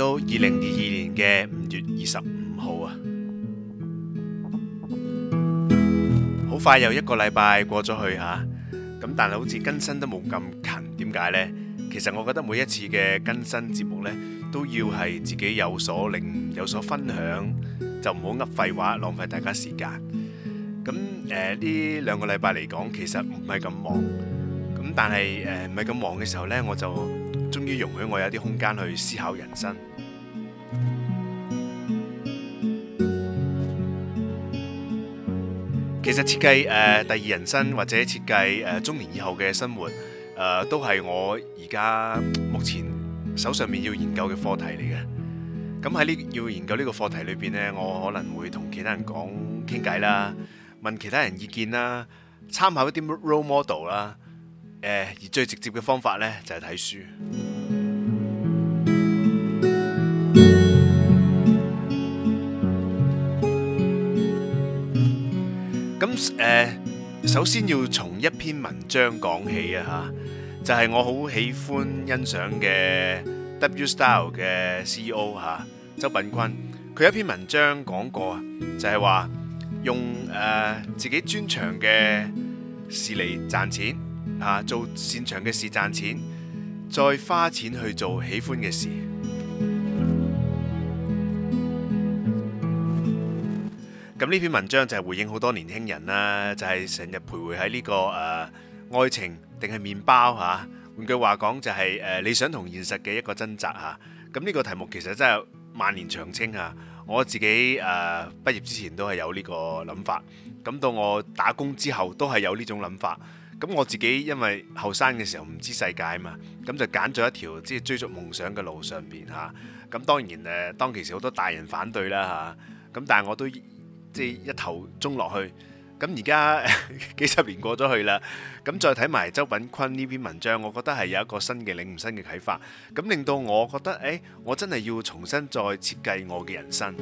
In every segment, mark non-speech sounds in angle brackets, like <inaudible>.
到二零二二年嘅五月二十五號啊，好快又一個禮拜過咗去吓。咁但係好似更新都冇咁勤，點解呢？其實我覺得每一次嘅更新節目呢，都要係自己有所令、有所分享，就唔好噏廢話，浪費大家時間。咁誒，呢兩個禮拜嚟講，其實唔係咁忙，咁但係誒唔係咁忙嘅時候呢，我就。終於容許我有啲空間去思考人生。其實設計誒第二人生或者設計誒中年以後嘅生活，誒都係我而家目前手上面要研究嘅課題嚟嘅。咁喺呢要研究呢個課題裏邊呢，我可能會同其他人講傾偈啦，問其他人意見啦，參考一啲 role model 啦，而最直接嘅方法呢，就係睇書。首先要從一篇文章講起啊，嚇，就係、是、我好喜歡欣賞嘅 W Style 嘅 CEO 嚇，周品坤佢一篇文章講過啊，就係、是、話用誒、呃、自己專長嘅事嚟賺錢嚇，做擅長嘅事賺錢，再花錢去做喜歡嘅事。咁呢篇文章就係回應好多年輕人啦，就係成日徘徊喺呢、這個誒、呃、愛情定係麵包嚇。換句話講就係誒理想同現實嘅一個掙扎嚇。咁、啊、呢個題目其實真係萬年長青啊！我自己誒、呃、畢業之前都係有呢個諗法，咁到我打工之後都係有呢種諗法。咁我自己因為後生嘅時候唔知世界嘛，咁就揀咗一條即係追逐夢想嘅路上邊嚇。咁、啊、當然誒、啊，當其時好多大人反對啦嚇。咁、啊、但係我都，即係一頭中落去，咁而家幾十年過咗去啦，咁再睇埋周品坤呢篇文章，我覺得係有一個新嘅領悟、新嘅啟發，咁令到我覺得，誒，我真係要重新再設計我嘅人生。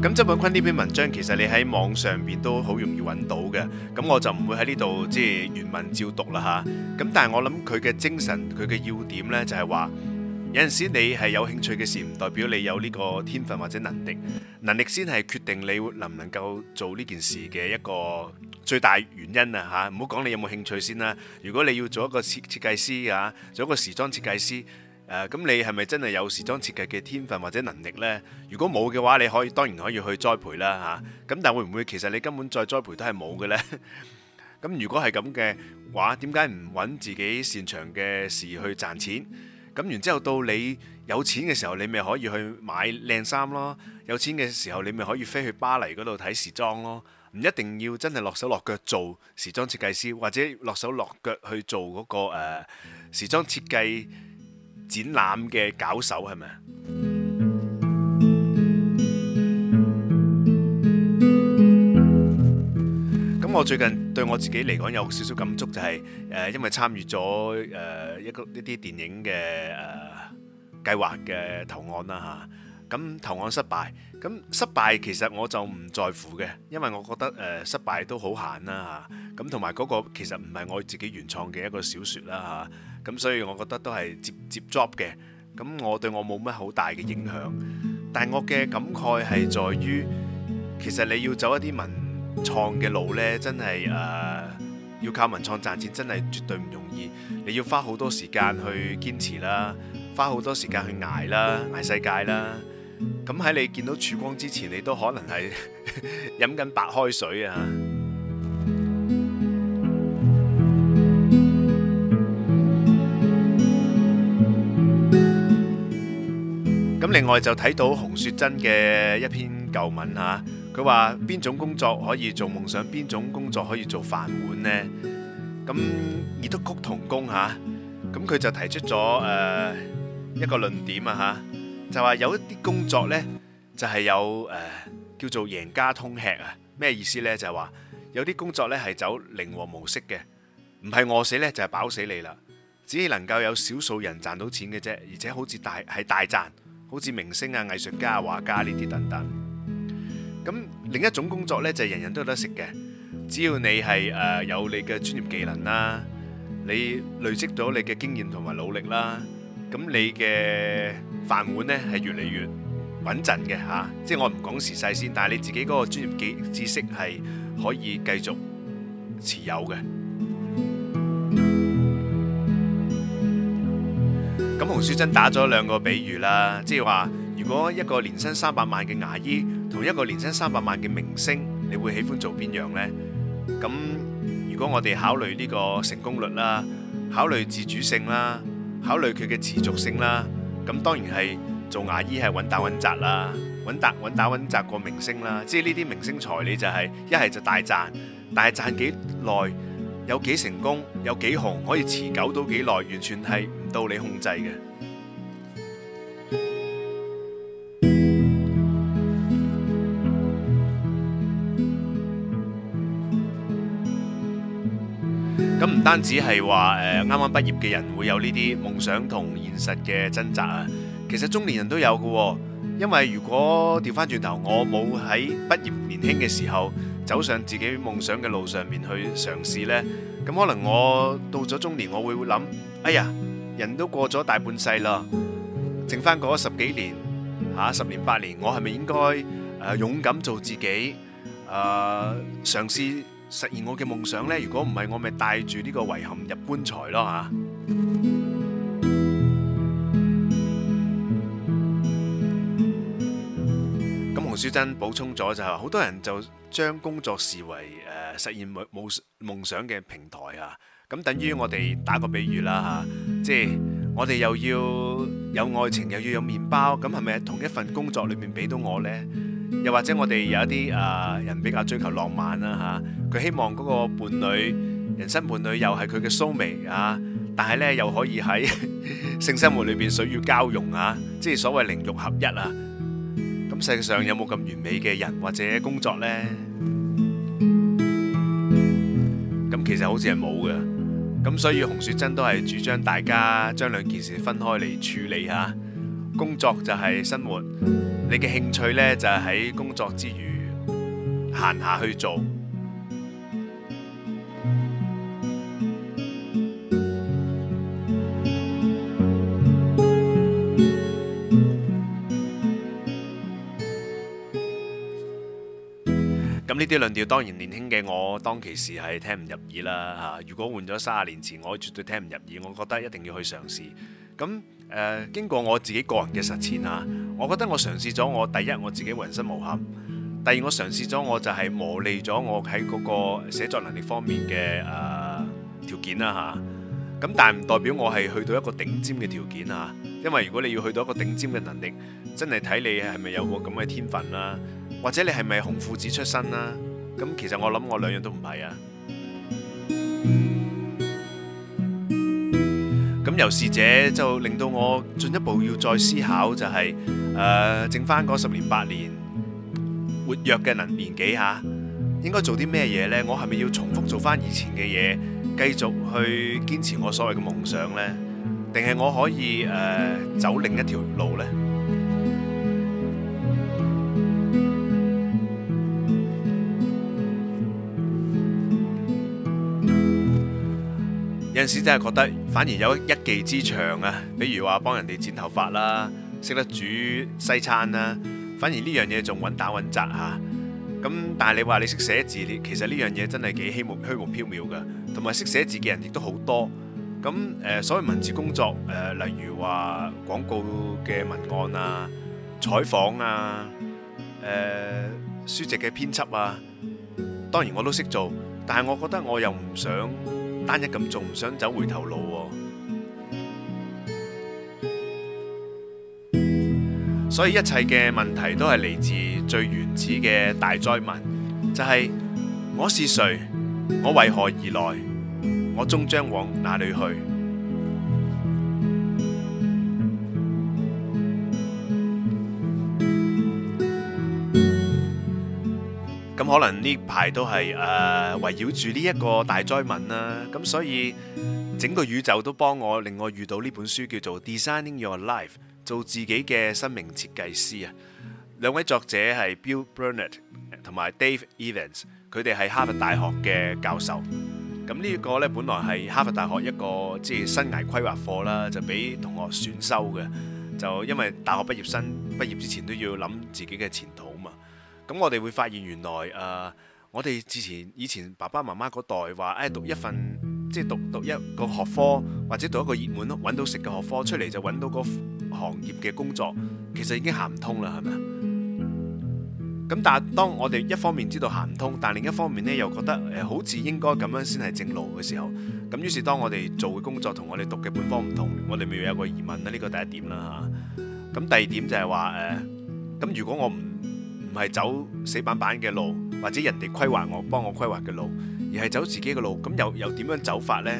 咁周品坤呢篇文章，其實你喺網上邊都好容易揾到嘅，咁我就唔會喺呢度即係原文照讀啦吓，咁但係我諗佢嘅精神、佢嘅要點呢，就係話。有陣時你係有興趣嘅事，唔代表你有呢個天分或者能力，能力先係決定你能唔能夠做呢件事嘅一個最大原因啊！吓，唔好講你有冇興趣先啦。如果你要做一個設設計師啊，做一個時裝設計師誒，咁、啊、你係咪真係有時裝設計嘅天分或者能力呢？如果冇嘅話，你可以當然可以去栽培啦吓。咁、啊、但會唔會其實你根本再栽培都係冇嘅呢？咁如果係咁嘅話，點解唔揾自己擅長嘅事去賺錢？咁然之後，到你有錢嘅時候，你咪可以去買靚衫咯；有錢嘅時候，你咪可以飛去巴黎嗰度睇時裝咯。唔一定要真係落手落腳做時裝設計師，或者落手落腳去做嗰、那個誒、呃、時裝設計展覽嘅攪手，係咪啊？我最近對我自己嚟講有少少感觸，就係誒，因為參與咗誒一個一啲電影嘅誒計劃嘅投案啦嚇，咁投案失敗，咁失敗其實我就唔在乎嘅，因為我覺得誒失敗都好閒啦嚇，咁同埋嗰個其實唔係我自己原創嘅一個小説啦嚇，咁所以我覺得都係接接 job 嘅，咁我對我冇咩好大嘅影響，但係我嘅感慨係在於，其實你要走一啲文創嘅路呢，真係誒、啊，要靠文創賺錢，真係絕對唔容易。你要花好多時間去堅持啦，花好多時間去捱啦，捱世界啦。咁喺你見到曙光之前，你都可能係飲緊白開水啊。咁另外就睇到洪雪珍嘅一篇舊文吓。佢話邊種工作可以做夢想，邊種工作可以做飯碗呢？咁都異曲同工吓，咁、啊、佢就提出咗誒、呃、一個論點啊吓，就話有一啲工作呢，就係、是、有誒、呃、叫做贏家通吃啊，咩意思呢？就係、是、話有啲工作呢係走零和模式嘅，唔係餓死呢，就係、是、飽死你啦，只係能夠有少數人賺到錢嘅啫，而且好似大係大賺，好似明星啊、藝術家啊、畫家呢啲等等。咁另一種工作呢，就係、是、人人都有得食嘅。只要你係誒、呃、有你嘅專業技能啦，你累積到你嘅經驗同埋努力啦，咁你嘅飯碗呢係越嚟越穩陣嘅嚇、啊。即係我唔講時勢先，但係你自己嗰個專業技知識係可以繼續持有嘅。咁洪書真打咗兩個比喻啦，即係話如果一個年薪三百萬嘅牙醫，同一個年薪三百萬嘅明星，你會喜歡做邊樣呢？咁如果我哋考慮呢個成功率啦，考慮自主性啦，考慮佢嘅持續性啦，咁當然係做牙醫係穩打穩紮啦，穩打穩打穩紮過明星啦。即係呢啲明星財利就係一係就大賺，但係賺幾耐，有幾成功，有幾紅，可以持久到幾耐，完全係唔到你控制嘅。單止係話誒，啱啱畢業嘅人會有呢啲夢想同現實嘅掙扎啊！其實中年人都有噶，因為如果調翻轉頭，我冇喺畢業年輕嘅時候走上自己夢想嘅路上面去嘗試咧，咁可能我到咗中年，我會諗：哎呀，人都過咗大半世啦，剩翻嗰十幾年吓，十年八年，我係咪應該誒勇敢做自己誒嘗試？實現我嘅夢想呢？如果唔係我咪帶住呢個遺憾入棺材咯吓，咁洪小珍補充咗就係，好多人就將工作視為誒實現夢夢想嘅平台啊，咁等於我哋打個比喻啦吓，即係我哋又要有愛情，又要有麵包，咁係咪同一份工作裏面俾到我呢？又或者我哋有一啲啊人比較追求浪漫啦吓。佢希望嗰個伴侶，人生伴侶又係佢嘅蘇眉啊，但係呢又可以喺性生活裏邊水乳交融啊，即係所謂靈肉合一啊。咁世界上有冇咁完美嘅人或者工作呢？咁其實好似係冇嘅。咁所以洪雪珍都係主張大家將兩件事分開嚟處理吓，工作就係生活，你嘅興趣呢就係喺工作之餘閒下去做。呢啲論調當然年輕嘅我當其時係聽唔入耳啦嚇。如果換咗三十年前，我絕對聽唔入耳。我覺得一定要去嘗試。咁誒、呃，經過我自己個人嘅實踐啊，我覺得我嘗試咗，我第一，我自己人生無憾。第二，我嘗試咗我就係磨礪咗我喺嗰個寫作能力方面嘅誒條件啦嚇。咁、啊、但係唔代表我係去到一個頂尖嘅條件啊。因為如果你要去到一個頂尖嘅能力，真係睇你係咪有個咁嘅天分啦。或者你係咪紅褲子出身啦？咁其實我諗我兩樣都唔係啊。咁由是者就令到我進一步要再思考、就是，就係誒剩翻嗰十年八年活躍嘅能年紀下，應該做啲咩嘢呢？我係咪要重複做翻以前嘅嘢，繼續去堅持我所謂嘅夢想呢？定係我可以誒、呃、走另一條路呢？先真係覺得反而有一技之長啊！比如話幫人哋剪頭髮啦，識得煮西餐啦，反而呢樣嘢仲穩打穩紮嚇。咁但係你話你識寫字，其實呢樣嘢真係幾虛無虛無縹緲嘅，同埋識寫字嘅人亦都好多。咁誒，所謂文字工作誒，例如話廣告嘅文案啊、採訪啊、誒書籍嘅編輯啊，當然我都識做，但係我覺得我又唔想。單一咁做，唔想走回頭路喎。所以一切嘅問題都係嚟自最原始嘅大哉問，就係我是誰，我為何而來，我終將往哪裏去？可能呢排都係誒、呃、圍繞住呢一個大災民啦、啊，咁所以整個宇宙都幫我令我遇到呢本書叫做《Designing Your Life》做自己嘅生命設計師啊。兩位作者係 Bill Burnett 同埋 Dave Evans，佢哋係哈佛大學嘅教授。咁呢一個咧，本來係哈佛大學一個即係生涯規劃課啦，就俾同學選修嘅。就因為大學畢業生畢業之前都要諗自己嘅前途。咁我哋會發現，原來誒、呃，我哋之前以前爸爸媽媽嗰代話誒、哎，讀一份即係讀讀一個學科，或者讀一個熱門咯，揾到食嘅學科出嚟就揾到個行業嘅工作，其實已經行唔通啦，係咪啊？咁但係當我哋一方面知道行唔通，但另一方面呢，又覺得、呃、好似應該咁樣先係正路嘅時候，咁於是當我哋做嘅工作同我哋讀嘅本科唔同，我哋咪有個疑問啦。呢、呢個第一點啦嚇。咁、啊、第二點就係話誒，咁、呃、如果我唔係走死板板嘅路，或者人哋規劃我，幫我規劃嘅路，而係走自己嘅路。咁又又點樣走法呢？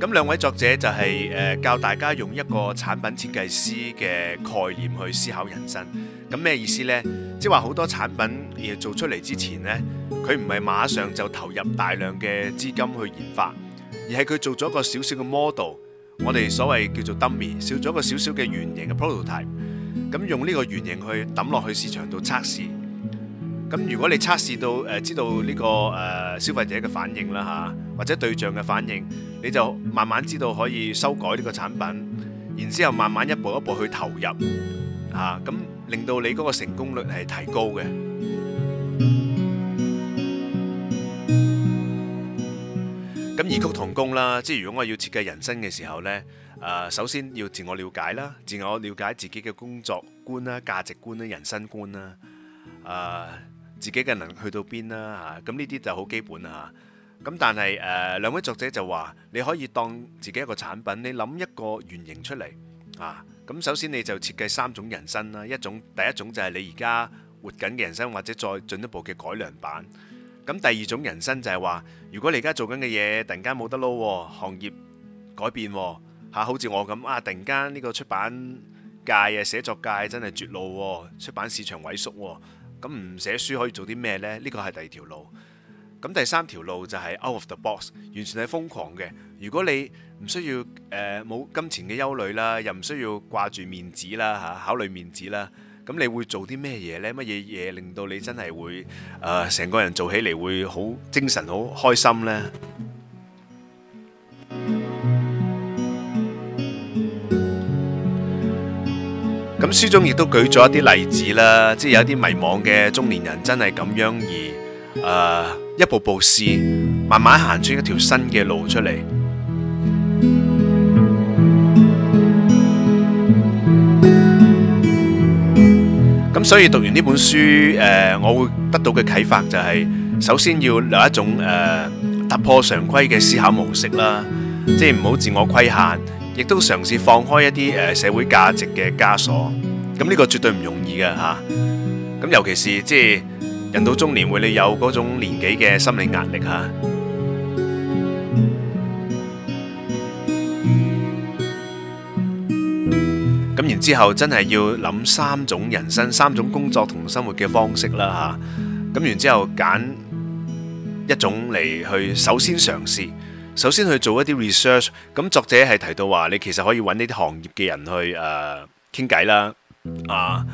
咁兩位作者就係、是、誒、呃、教大家用一個產品設計師嘅概念去思考人生。咁咩意思呢？即係話好多產品要做出嚟之前，呢佢唔係馬上就投入大量嘅資金去研發，而係佢做咗個小小嘅 model。我哋所謂叫做 dummy，少咗個少少嘅原形嘅 prototype，咁用呢個原形去抌落去市場度測試，咁如果你測試到誒，知道呢個誒消費者嘅反應啦吓，或者對象嘅反應，你就慢慢知道可以修改呢個產品，然之後慢慢一步一步去投入，啊咁令到你嗰個成功率係提高嘅。咁異曲同工啦，即係如果我要設計人生嘅時候呢，誒，首先要自我瞭解啦，自我瞭解自己嘅工作觀啦、價值觀啦、人生觀啦，誒，自己嘅能去到邊啦嚇，咁呢啲就好基本啦。咁但係誒，兩位作者就話你可以當自己一個產品，你諗一個原型出嚟啊。咁首先你就設計三種人生啦，一種第一種就係你而家活緊嘅人生，或者再進一步嘅改良版。咁第二種人生就係話，如果你而家做緊嘅嘢突然間冇得撈喎，行業改變喎，嚇好似我咁啊，突然間呢個出版界啊、寫作界真係絕路喎，出版市場萎縮喎，咁唔寫書可以做啲咩呢？呢個係第二條路。咁第三條路就係 out of the box，完全係瘋狂嘅。如果你唔需要誒冇金錢嘅憂慮啦，又唔需要掛住面子啦，嚇考慮面子啦。咁你會做啲咩嘢呢？乜嘢嘢令到你真係會誒成個人做起嚟會好精神、好開心呢？咁書中亦都舉咗一啲例子啦，即係有一啲迷茫嘅中年人真係咁樣而誒一步步試，慢慢行出一條新嘅路出嚟。所以讀完呢本書，誒、呃，我會得到嘅啟發就係、是，首先要有一種誒、呃、突破常規嘅思考模式啦，即係唔好自我規限，亦都嘗試放開一啲誒、呃、社會價值嘅枷鎖。咁、這、呢個絕對唔容易嘅吓，咁尤其是即係人到中年會，你有嗰種年紀嘅心理壓力吓。然之後，真係要諗三種人生、三種工作同生活嘅方式啦。吓咁，然之後揀一種嚟去首先嘗試，首先去做一啲 research。咁作者係提到話，你其實可以揾呢啲行業嘅人去誒傾偈啦。啊，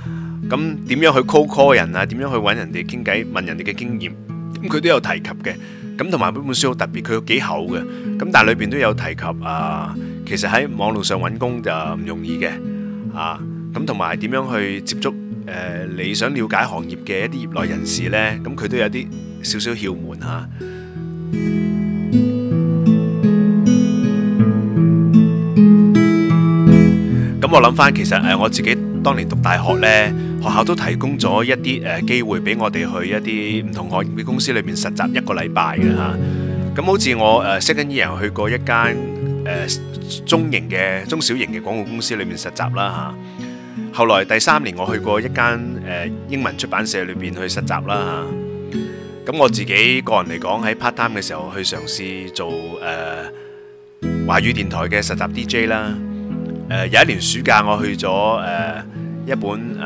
咁點樣去 call call 人啊？點樣去揾人哋傾偈，問人哋嘅經驗咁，佢都有提及嘅。咁同埋呢本書好特別，佢幾厚嘅。咁但係裏邊都有提及啊，其實喺網絡上揾工就唔容易嘅。啊，咁同埋點樣去接觸誒你想了解行業嘅一啲業內人士呢？咁佢都有啲少少竅門嚇。咁我諗翻，其實誒我自己當年讀大學呢，學校都提供咗一啲誒機會俾我哋去一啲唔同行業嘅公司裏面實習一個禮拜嘅嚇。咁好似我誒識緊啲人去過一間。呃、中型嘅中小型嘅廣告公司裏面實習啦嚇、啊，後來第三年我去過一間誒、呃、英文出版社裏邊去實習啦嚇，咁、啊啊、我自己個人嚟講喺 part time 嘅時候去嘗試做誒華、啊、語電台嘅實習 DJ 啦、啊，有一年暑假我去咗誒、啊、一本誒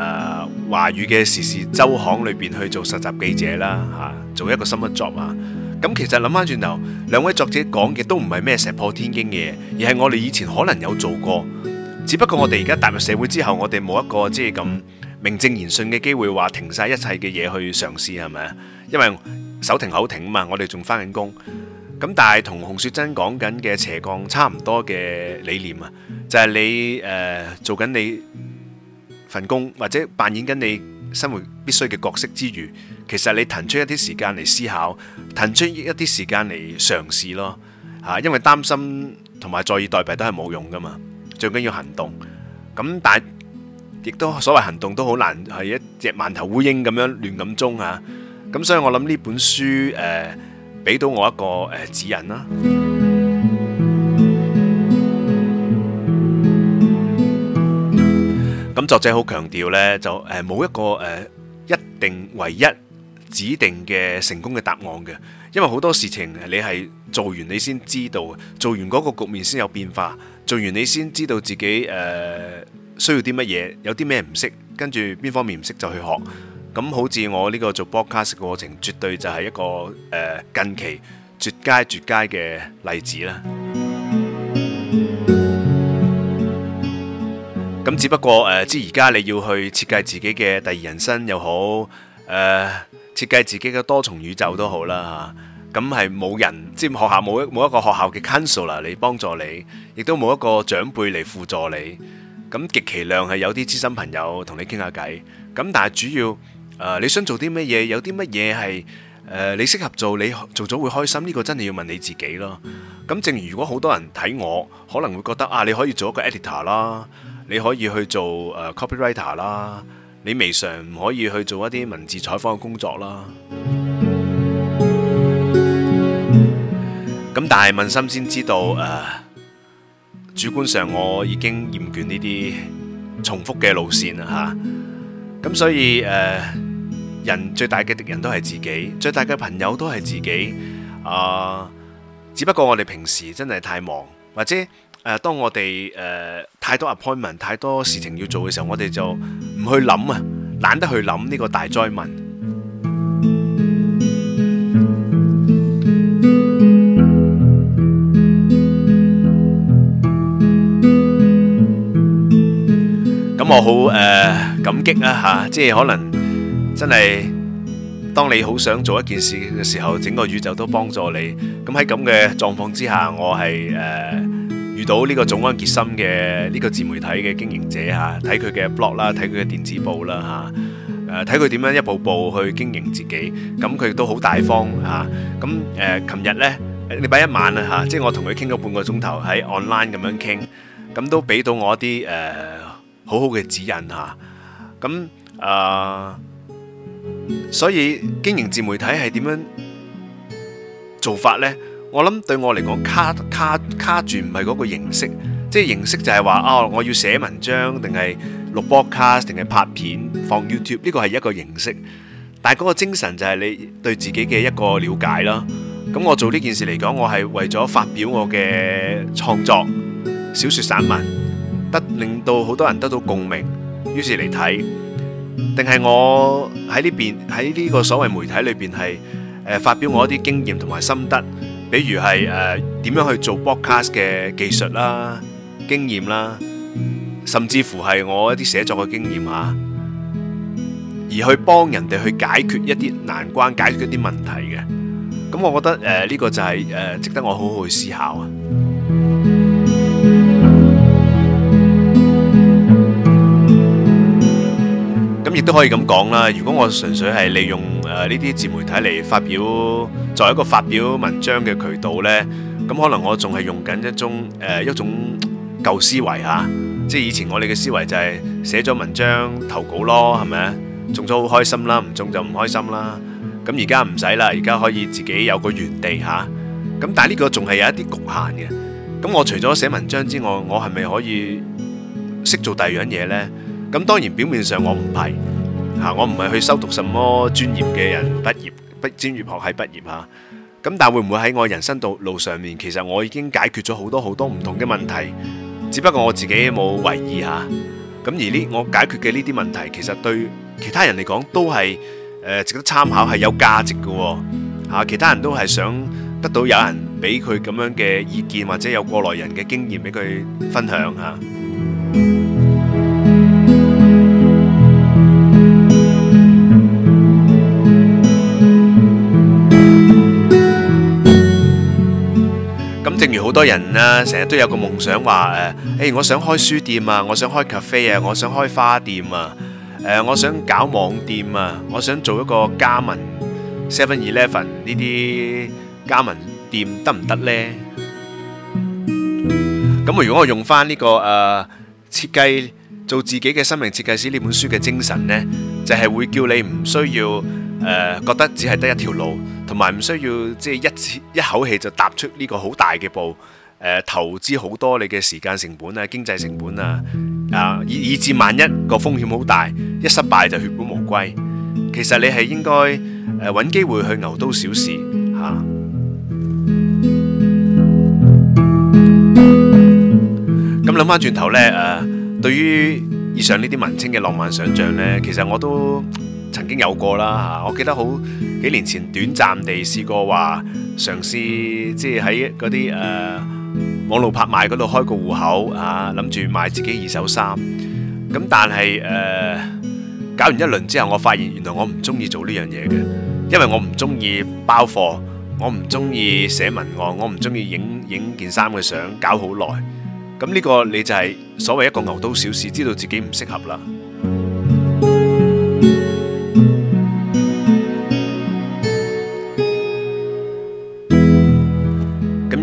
華、啊、語嘅時事周刊裏邊去做實習記者啦嚇、啊，做一個 summer job 嘛。咁其實諗翻轉頭，兩位作者講嘅都唔係咩石破天驚嘅嘢，而係我哋以前可能有做過，只不過我哋而家踏入社會之後，我哋冇一個即係咁名正言順嘅機會話停晒一切嘅嘢去嘗試，係咪啊？因為手停口停啊嘛，我哋仲翻緊工。咁但係同洪雪珍講緊嘅斜槓差唔多嘅理念啊，就係你誒做緊你份工或者扮演緊你。生活必須嘅角色之餘，其實你騰出一啲時間嚟思考，騰出一啲時間嚟嘗試咯嚇，因為擔心同埋坐以待斃都係冇用㗎嘛，最緊要行動。咁但係亦都所謂行動都好難係一隻無頭烏蠅咁樣亂咁撞嚇，咁所以我諗呢本書誒俾、呃、到我一個誒、呃、指引啦。咁作者好強調呢，就誒冇一個、呃、一定唯一指定嘅成功嘅答案嘅，因為好多事情你係做完你先知道，做完嗰個局面先有變化，做完你先知道自己、呃、需要啲乜嘢，有啲咩唔識，跟住邊方面唔識就去學。咁好似我呢個做 podcast 嘅過程，絕對就係一個誒、呃、近期絕佳絕佳嘅例子啦。咁只不過誒，即係而家你要去設計自己嘅第二人生又好，誒、呃，設計自己嘅多重宇宙都好啦吓。咁係冇人，即係學校冇一冇一個學校嘅 counselor 嚟幫助你，亦都冇一個長輩嚟輔助你。咁極其量係有啲知心朋友同你傾下偈。咁但係主要，誒、呃，你想做啲乜嘢？有啲乜嘢係誒你適合做？你做咗會開心？呢、這個真係要問你自己咯。咁正如，如果好多人睇我，可能會覺得啊，你可以做一個 editor 啦。你可以去做 copywriter 啦，你未嘗唔可以去做一啲文字採訪嘅工作啦。咁 <music> 但係問心先知道誒、呃，主觀上我已經厭倦呢啲重複嘅路線啦嚇。咁、啊、所以誒、呃，人最大嘅敵人都係自己，最大嘅朋友都係自己啊、呃。只不過我哋平時真係太忙或者。誒，當我哋誒太多 appointment、太多事情要做嘅時候，我哋就唔去諗啊，懶得去諗呢個大災難。咁我好誒感激啊嚇，即係可能真係當你好想做一件事嘅時候，整個宇宙都幫助你。咁喺咁嘅狀況之下，我係誒，遇到呢個早安傑森嘅呢個自媒體嘅經營者嚇，睇佢嘅 blog 啦，睇佢嘅電子報啦嚇，誒睇佢點樣一步步去經營自己，咁佢都好大方嚇。咁誒，琴、呃、日呢，禮拜一晚啊嚇，即係我同佢傾咗半個鐘頭喺 online 咁樣傾，咁都俾到我一啲誒、呃、好好嘅指引嚇。咁啊、呃，所以經營自媒體係點樣做法呢？我諗對我嚟講，卡卡卡住唔係嗰個形式，即係形式就係話啊，我要寫文章，定係錄 podcast，定係拍片放 YouTube，呢個係一個形式。但係嗰個精神就係你對自己嘅一個了解啦。咁我做呢件事嚟講，我係為咗發表我嘅創作小說、散文，得令到好多人得到共鳴，於是嚟睇。定係我喺呢邊喺呢個所謂媒體裏邊係誒發表我一啲經驗同埋心得。比如係誒點樣去做 broadcast 嘅技術啦、啊、經驗啦、啊，甚至乎係我一啲寫作嘅經驗吓、啊，而去幫人哋去解決一啲難關、解決一啲問題嘅。咁我覺得誒呢、呃這個就係、是、誒、呃、值得我好好去思考啊。咁亦都可以咁講啦。如果我純粹係利用誒呢啲自媒體嚟發表。作為一個發表文章嘅渠道咧，咁可能我仲係用緊一種誒一種舊思維嚇，即係以前我哋嘅思維就係寫咗文章投稿咯，係咪啊？中咗好開心啦，唔中就唔開心啦。咁而家唔使啦，而家可以自己有個園地嚇。咁但係呢個仲係有一啲侷限嘅。咁我除咗寫文章之外，我係咪可以識做第二樣嘢咧？咁當然表面上我唔係嚇，我唔係去修讀什麼專業嘅人畢業。專業學喺畢業吓，咁但係會唔會喺我的人生道路上面，其實我已經解決咗好多好多唔同嘅問題，只不過我自己冇為意吓。咁而呢，我解決嘅呢啲問題，其實對其他人嚟講都係誒值得參考，係有價值嘅。吓，其他人都係想得到有人俾佢咁樣嘅意見，或者有過來人嘅經驗俾佢分享吓。正如好多人啊，成日都有個夢想話，誒，誒，我想開書店啊，我想開咖啡啊，我想開花店啊，誒，我想搞網店啊，我想做一個加盟 Seven Eleven 呢啲加盟店得唔得呢？咁如果我用翻呢個誒設計做自己嘅生命設計師呢本書嘅精神呢，就係會叫你唔需要誒覺得只係得一條路。同埋唔需要即係一次一口氣就踏出呢個好大嘅步，誒，投資好多你嘅時間成本啊，經濟成本啊，啊，以以至萬一個風險好大，一失敗就血本無歸。其實你係應該誒揾機會去牛刀小試吓。咁諗翻轉頭呢，誒，對於以上呢啲文青嘅浪漫想象呢，其實我都。曾經有過啦嚇，我記得好幾年前短暫地試過話嘗試，即係喺嗰啲誒網路拍賣嗰度開個戶口嚇，諗住賣自己二手衫。咁但係誒搞完一輪之後，我發現原來我唔鍾意做呢樣嘢嘅，因為我唔鍾意包貨，我唔鍾意寫文案，我唔鍾意影影件衫嘅相，搞好耐。咁呢個你就係所謂一個牛刀小試，知道自己唔適合啦。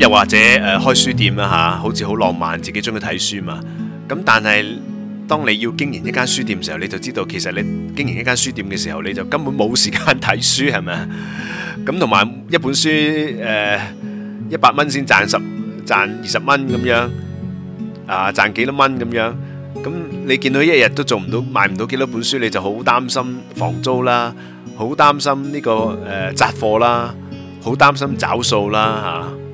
又或者誒，開書店啦吓，好似好浪漫，自己中意睇書嘛。咁但係，當你要經營一間書店嘅時候，你就知道其實你經營一間書店嘅時候，你就根本冇時間睇書係咪啊？咁同埋一本書誒，一百蚊先賺十賺二十蚊咁樣啊，賺幾多蚊咁樣？咁你見到一日都做唔到，賣唔到幾多本書，你就好擔心房租啦，好擔心呢、這個誒、呃、雜貨啦，好擔心找數啦吓。.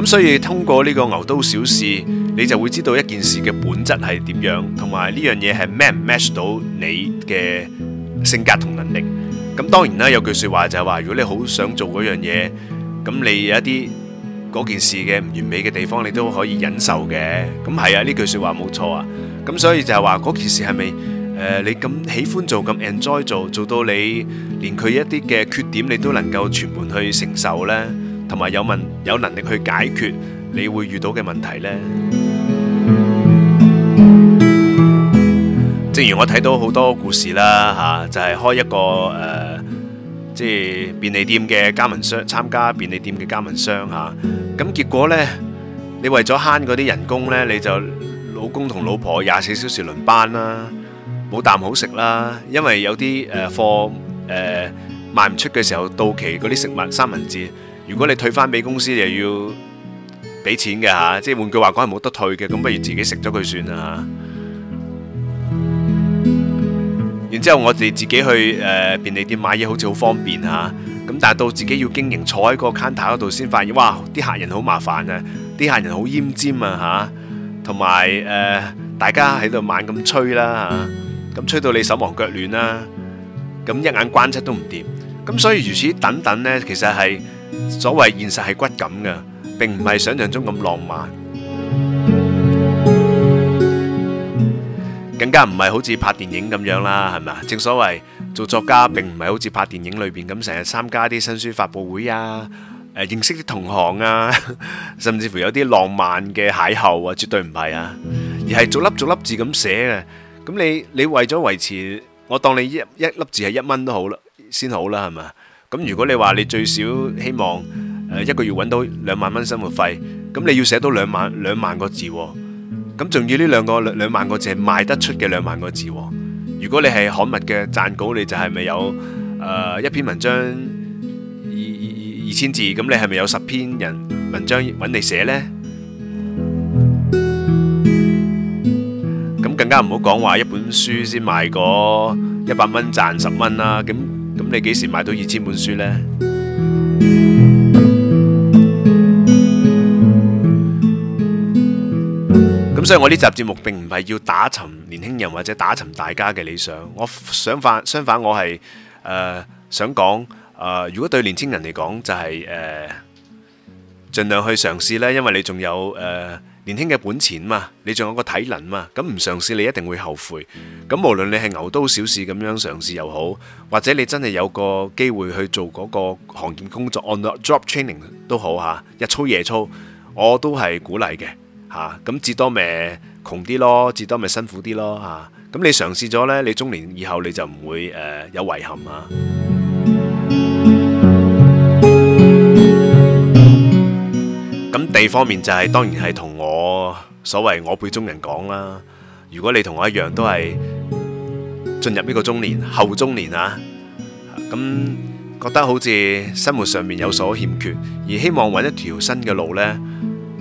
咁所以通過呢個牛刀小試，你就會知道一件事嘅本質係點樣，同埋呢樣嘢係 match 唔 match 到你嘅性格同能力。咁當然啦，有句說話就係話，如果你好想做嗰樣嘢，咁你有一啲嗰件事嘅唔完美嘅地方，你都可以忍受嘅。咁係啊，呢句說話冇錯啊。咁所以就係話嗰件事係咪誒，你咁喜歡做咁 enjoy 做，做到你連佢一啲嘅缺點你都能夠全盤去承受呢？同埋有問有能力去解決，你會遇到嘅問題呢。正如我睇到好多故事啦，嚇就係、是、開一個誒、呃，即係便利店嘅加盟商，參加便利店嘅加盟商嚇。咁、啊、結果呢，你為咗慳嗰啲人工呢，你就老公同老婆廿四小時輪班啦，冇啖好食啦，因為有啲誒貨誒賣唔出嘅時候，到期嗰啲食物、三文治。如果你退翻俾公司又要俾錢嘅嚇，即係換句話講係冇得退嘅，咁不如自己食咗佢算啦嚇。然之後我哋自己去誒便利店買嘢好似好方便嚇，咁但係到自己要經營坐喺個 counter 嗰度先發現，哇！啲客人好麻煩啊，啲客人好奄尖啊嚇，同埋誒大家喺度猛咁吹啦嚇，咁吹到你手忙腳亂啦，咁一眼關七都唔掂，咁所以如此等等呢，其實係。所謂現實係骨感嘅，並唔係想象中咁浪漫，更加唔係好似拍電影咁樣啦，係咪啊？正所謂做作家，並唔係好似拍電影裏邊咁成日參加啲新書發布會啊，誒，認識啲同行啊，甚至乎有啲浪漫嘅邂逅啊，絕對唔係啊，而係逐粒逐粒字咁寫嘅。咁你你為咗維持，我當你一一粒字係一蚊都好啦，先好啦，係咪啊？咁如果你話你最少希望誒一個月搵到兩萬蚊生活費，咁你要寫到兩萬兩萬個字，咁仲要呢兩個兩兩萬個字係賣得出嘅兩萬個字。如果你係刊物嘅撰稿，你就係咪有誒一篇文章二二二二千字，咁你係咪有十篇人文章搵你寫呢？咁更加唔好講話一本書先賣個一百蚊賺十蚊啦，咁。你幾時買到二千本書呢？咁所以我呢集節目並唔係要打沉年輕人或者打沉大家嘅理想。我想反相反，相反我係誒、呃、想講誒、呃，如果對年輕人嚟講就係、是、誒，盡、呃、量去嘗試咧，因為你仲有誒。呃年輕嘅本錢嘛，你仲有個體能嘛，咁唔嘗試你一定會後悔。咁無論你係牛刀小試咁樣嘗試又好，或者你真係有個機會去做嗰個行業工作，On Job Training 都好吓，日操夜操，我都係鼓勵嘅吓。咁至多咪窮啲咯，至多咪辛苦啲咯吓。咁你嘗試咗呢，你中年以後你就唔會誒有遺憾啊。咁地方面就係當然係同我所謂我輩中人講啦。如果你同我一樣都係進入呢個中年，後中年啊，咁覺得好似生活上面有所欠缺，而希望揾一條新嘅路呢，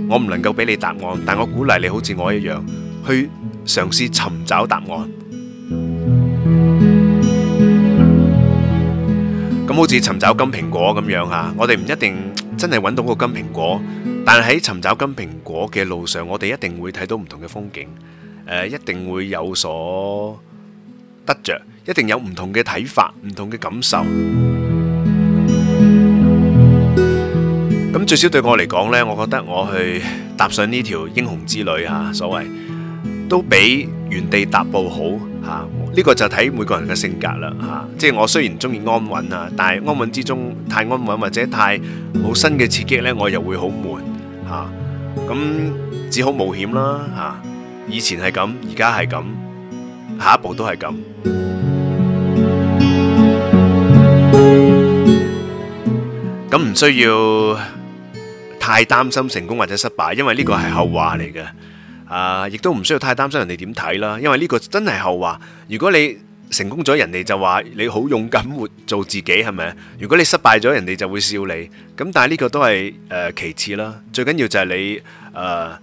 我唔能夠俾你答案，但我鼓勵你好似我一樣去嘗試尋找答案。咁好似尋找金蘋果咁樣吓，我哋唔一定真係揾到個金蘋果。但喺尋找金蘋果嘅路上，我哋一定會睇到唔同嘅風景，誒，一定會有所得着，一定有唔同嘅睇法，唔同嘅感受。咁最少對我嚟講呢，我覺得我去踏上呢條英雄之旅吓，所謂都比原地踏步好吓。呢個就睇每個人嘅性格啦吓，即係我雖然中意安穩啊，但係安穩之中太安穩或者太冇新嘅刺激呢，我又會好悶。啊，咁只好冒險啦！啊，以前係咁，而家係咁，下一步都係咁。咁唔需要太擔心成功或者失敗，因為呢個係後話嚟嘅。啊，亦都唔需要太擔心人哋點睇啦，因為呢個真係後話。如果你成功咗，人哋就話你好勇敢活做自己係咪？如果你失敗咗，人哋就會笑你。咁但係呢個都係誒其次啦，最緊要就係你誒、呃、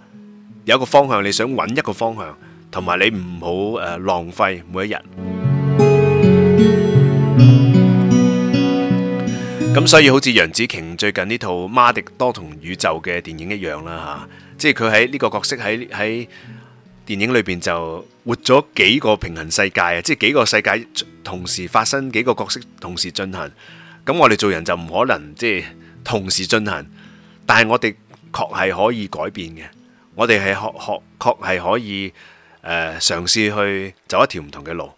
有一個方向，你想揾一個方向，同埋你唔好誒浪費每一日。咁、嗯、所以好似楊紫瓊最近呢套《媽的多重宇宙》嘅電影一樣啦吓、啊，即係佢喺呢個角色喺喺。電影裏邊就活咗幾個平行世界啊，即係幾個世界同時發生，幾個角色同時進行。咁我哋做人就唔可能即係同時進行，但係我哋確係可以改變嘅。我哋係學學確係可以誒嘗試去走一條唔同嘅路。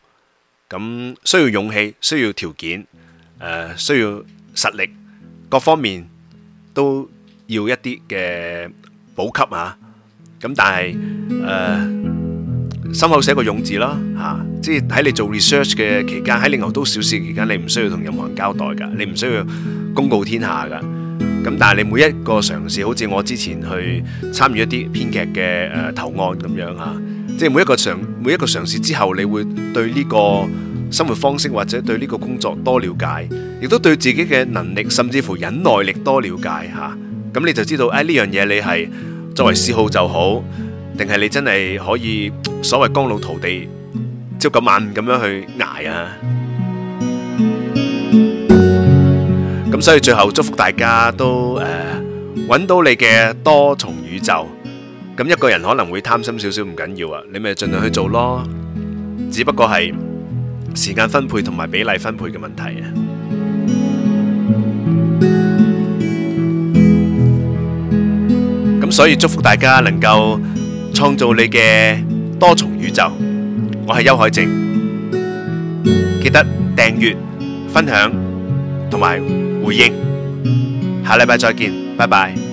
咁需要勇氣，需要條件，誒、呃、需要實力，各方面都要一啲嘅補給啊！咁但係誒，心口寫個勇字啦嚇，即係喺你做 research 嘅期間，喺你牛刀小試嘅期間，你唔需要同任何人交代㗎，你唔需要公告天下㗎。咁但係你每一個嘗試，好似我之前去參與一啲編劇嘅誒投案咁樣啊。即係每一個嘗每一個嘗試之後，你會對呢個生活方式或者對呢個工作多了解，亦都對自己嘅能力甚至乎忍耐力多了解嚇。咁你就知道，誒呢樣嘢你係。作為嗜好就好，定係你真係可以所謂光老徒地」，朝九晚五咁樣去捱啊！咁所以最後祝福大家都誒揾、啊、到你嘅多重宇宙。咁一個人可能會貪心少少，唔緊要啊，你咪盡量去做咯。只不過係時間分配同埋比例分配嘅問題啊。所以祝福大家能夠創造你嘅多重宇宙。我係邱海靖，記得訂閱、分享同埋回應。下禮拜再見，拜拜。